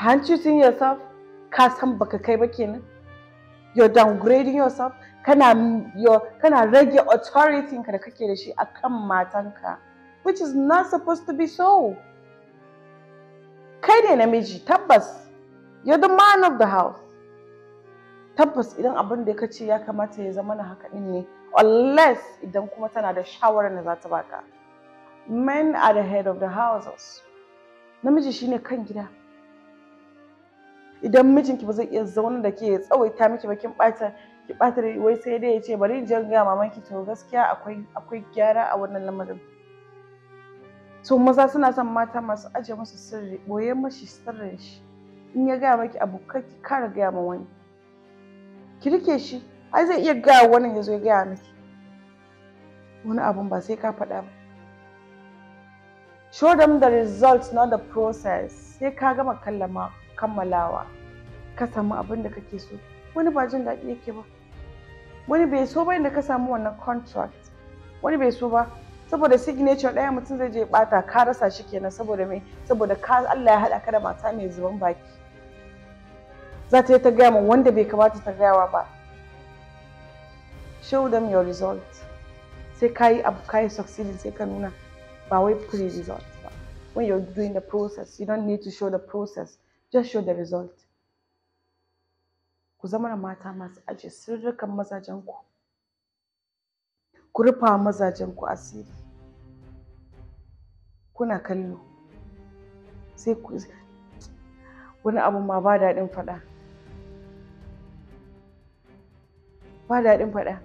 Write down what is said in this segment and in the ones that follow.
Aren't you seeing yourself? Ka san baka kai ba kenan. You're downgrading yourself. Kana your kana rage authority ka da kake da shi akan matanka. Which is not supposed to be so. Kai ne namiji tabbas. You're the man of the house. Tabbas idan abin da kace ce ya kamata ya zama na haka din ne. Unless idan kuma tana da shawarar da za ta baka. Men are the head of the houses. Namiji shine kan gida. idan mijinki ba zai iya zaune da ke tsawaita miki ba kin ɓata ki ɓata wai sai dai ya ce bari in je ga mamanki to gaskiya akwai akwai gyara a wannan lamarin to maza suna son mata masu aje musu sirri boye mashi sirrin shi in ya gaya maki abu ki kara gaya ma wani ki rike shi ai zai iya gaya wannan ya zo ya gaya miki wani abun ba sai ka faɗa ba show them the results not the process sai ka gama kallama kammalawa ka samu abin da kake so wani ba jin daɗi yake ba wani bai so ba inda ka samu wannan contract wani bai so ba saboda signature ɗaya mutum zai je ɓata ka rasa shi kenan saboda mai saboda ka Allah ya haɗa ka da mata mai zuban baki za ta yi ta gaya min wanda bai kamata ta gayawa ba show them your result sai ka yi abu ka yi succeeding sai ka nuna ba wai pre-result ba when you're doing the process you don't need to show the process just show the result ku zama mata masu aje sirrukan mazajenku ku rufa mazajenku asiri kuna kallo sai ku wani abu ma ba daɗin faɗa ba daɗin faɗa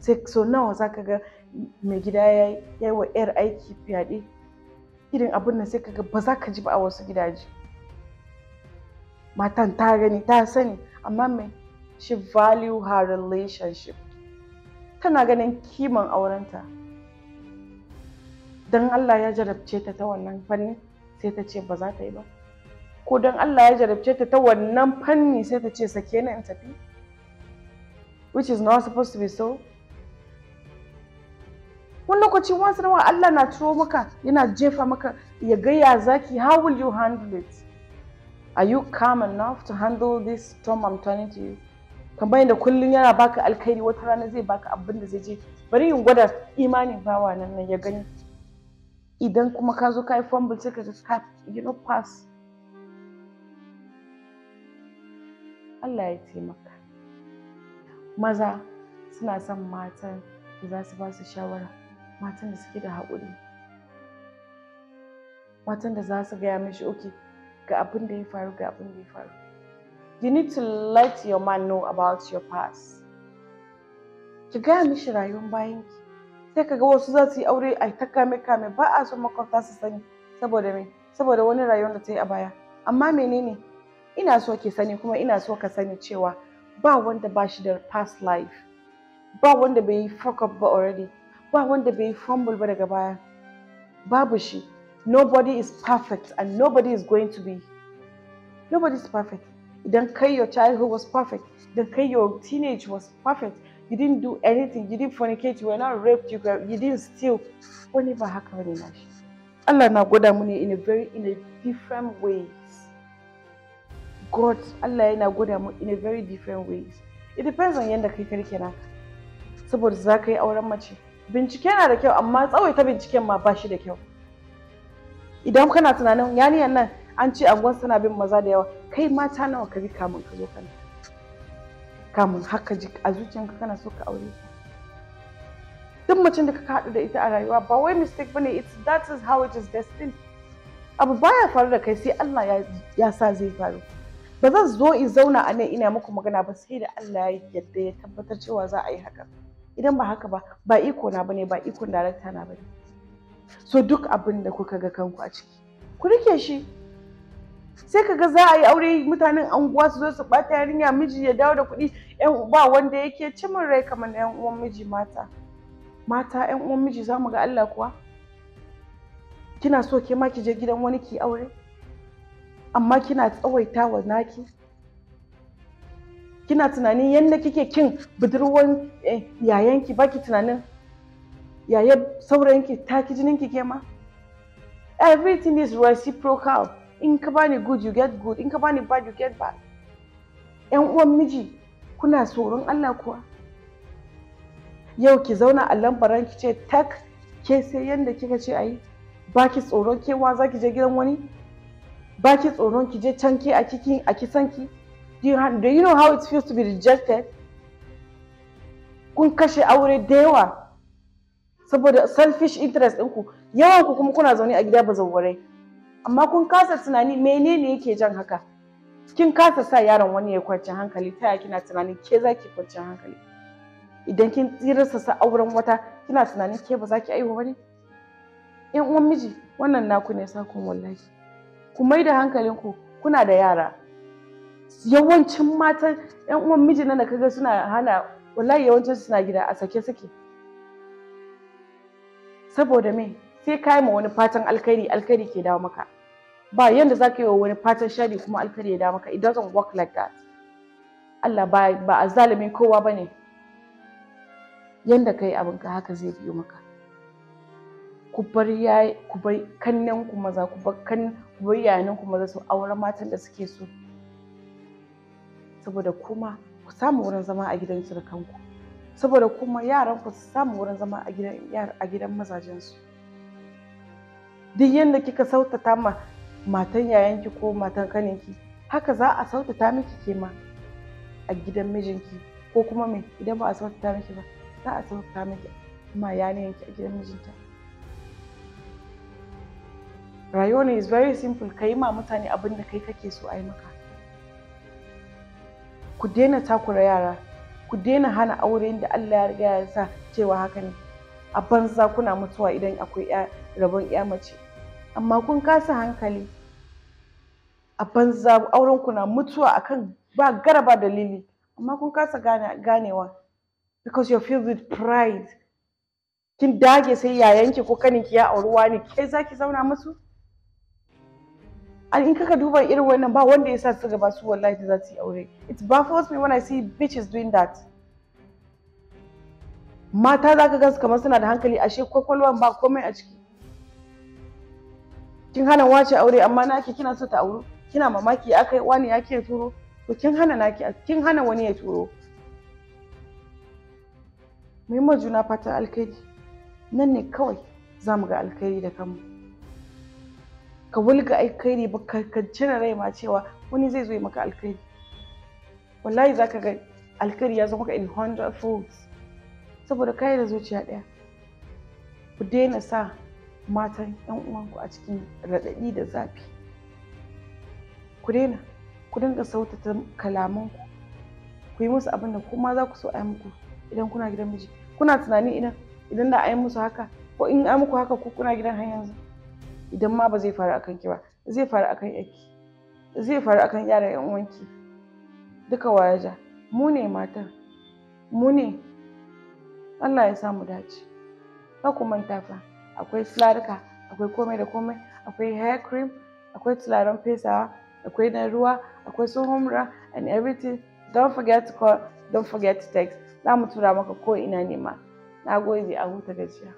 sai so nawa za ka ga mai gida ya yi wa 'yar aiki fyaɗe irin abin nan sai ka ga ba za ka ji ba a wasu gidaje matan ta gani ta sani amma me she value her relationship tana ganin kiman aurenta don Allah ya jarabce ta ta wannan fanni sai ta ce ba za ta yi ba ko don Allah ya jarabce ta ta wannan fanni sai ta ce sake ni in tafi which is not supposed to be so wani lokaci once in a while Allah na turo maka yana jefa maka ya gaya zaki how will you handle it Are you calm enough to handle this storm I'm turning to you? Kamar yadda kullum yana baka alkhairi wata rana zai baka abin da zai je bari in gwada imanin bawa nan ya gani. Idan kuma ka zo ka yi fumble sai ka ka you know pass. Allah ya taimaka. Maza suna son matan da za su ba su shawara, matan da suke da haƙuri. Matan da za su gaya mishi okay ga abin da ya faru ga abin da ya faru you need to let your man know about your past ki gaya mishi rayuwar bayan ki sai kaga wasu za su yi aure a ta kame kame ba a son makwabta su sani saboda me saboda wani rayuwar da ta yi a baya amma menene ina so ki sani kuma ina so ka sani cewa ba wanda ba shi da past life ba wanda bai yi fuck up ba already ba wanda bai yi fumble ba daga baya babu shi nobody is perfect and nobody is going to be nobody's perfect You Don't care your childhood was perfect You Don't care your teenage was perfect you didn't do anything you didn't fornicate you were not raped you, were, you didn't steal whatever happened in Allah na gwada in a very in a different ways God Allah na gwada in a very different ways it depends on yanda kai karke naka saboda za ka yi auren mace bincike na da kyau amma tsawaita binciken ma ba shi da kyau idan kana tunanin yaniyan nan an ce anguwar tana bin maza da yawa kai mata nawa ka bi kamun ka zo kana kamun haka ji a zuciyanka kana so ka aure duk mutum da ka haɗu da ita a rayuwa ba wai mistake bane it's that is how it is destined abu baya faru da kai sai Allah ya sa zai faru ba zan zo in zauna a nan ina muku magana ba sai da Allah ya yadda ya tabbatar cewa za a yi haka idan ba haka ba ba iko na bane ba ikon darakta na bane so duk abin da kuka ga kanku a ciki ku rike shi sai kaga za a yi aure mutanen anguwa su zo su bata yarinya miji ya dawo da kuɗi yan ba wanda yake cimin rai kamar yan uwan miji mata mata yan uwan miji za mu ga Allah kuwa kina so ke ma ki je gidan wani ki aure amma kina tsawaita wa naki kina tunanin yadda kike kin budurwan eh, yayanki baki tunanin yaya saurayinki ta ki jininki ke ma everything is reciprocal in ka bani good you get good in ka bani bad you get bad yan uwan miji kuna tsoron Allah kuwa yau ki zauna a lambaran ki ce tak ke sai yadda kika ce ayi ba ki tsoron kewa za ki je gidan wani ba ki tsoron ki je can ke a kikin a kisan ki do you know how it feels to be rejected kun kashe aure da yawa saboda selfish interest ɗinku yawan ku kuma kuna zaune a gida ba zauwarai amma kun kasa tunani menene yake jan haka kin kasa sa yaron wani ya kwanci hankali ta ya kina tunanin ke za ki kwanci hankali idan kin tsirarsa sa auren wata kina tunanin ke ba za ki aiwa ba ne yan uwan miji wannan naku ne sakon wallahi ku mai da hankalinku kuna da yara yawancin matan yan uwan miji nan da kaga suna hana wallahi yawancin suna gida a sake sake saboda me sai ka ma wani fatan alkhairi alkhairi ke dawo maka ba yanda za ka yi wa wani fatan shari kuma alkhairi ya dawo maka it doesn't work like that Allah ba ba a zalimin kowa ba ne yanda ka yi abinka haka zai biyo maka ku bar yayi ku bar kannen ku maza ku bar kan ku bar yayanin ku maza su aure matan da suke so saboda kuma ku samu wurin zama a gidan surukanku saboda kuma yaran ku su samu wurin zama a gidan mazajensu duk yadda kika sautata ma matan yayanki ko matan kaninki haka za a sautata miki ke ma a gidan mijinki ko kuma me idan ba a sautata miki ba za a sautata miki ma yanayinki a gidan mijinta rayuwa ne is very simple ka yi ma mutane abin da kai kake so a yi maka ku daina takura yara ku daina hana auren da Allah ya riga ya sa cewa haka ne a banza kuna mutuwa idan akwai rabon ya mace amma kun kasa hankali a banza auren kuna mutuwa akan ba garaba dalili amma kun kasa ganewa because you feel with pride kin dage sai yayanki ko ki ya auri wani, kai zaki zauna musu And in kaka duba irin wannan ba wanda yasa su gaba su wallahi da za su yi aure. It baffles me when I see bitches doing that. Mata za ka gansu kamar suna da hankali ashe kwakwalwan ba komai a ciki. Kin hana wace aure amma na ake kina so ta auru kina mamaki ya kai wani ya ke turo to kin hana naki kin hana wani ya turo. Mu juna fatan alkhairi nan ne kawai za mu ga alkhairi da kanmu. ka wulga alkhairi ba ka cire rai ma cewa wani zai zo maka alkhairi wallahi zaka ga alkhairi ya zo maka in hundred folds saboda kai da zuciya ɗaya ku daina sa matan yan uwanku a cikin raɗaɗi da zafi ku daina ku dinga sautata kalamanku ku yi musu abin da kuma za ku so a yi muku idan kuna gidan miji kuna tunanin idan idan da a yi musu haka ko in a muku haka ko kuna gidan har yanzu idan ma ba zai faru akan ki ba zai faru akan yaki zai faru akan yara yan uwanki duka waya ja mu ne matan mu ne Allah ya samu dace ka ku manta fa akwai slarka akwai komai da komai akwai hair cream akwai tularan fesawa akwai na ruwa akwai su homra and everything don't forget to call don't forget to text za mu tura maka ko ina ne ma na gode a huta gajiya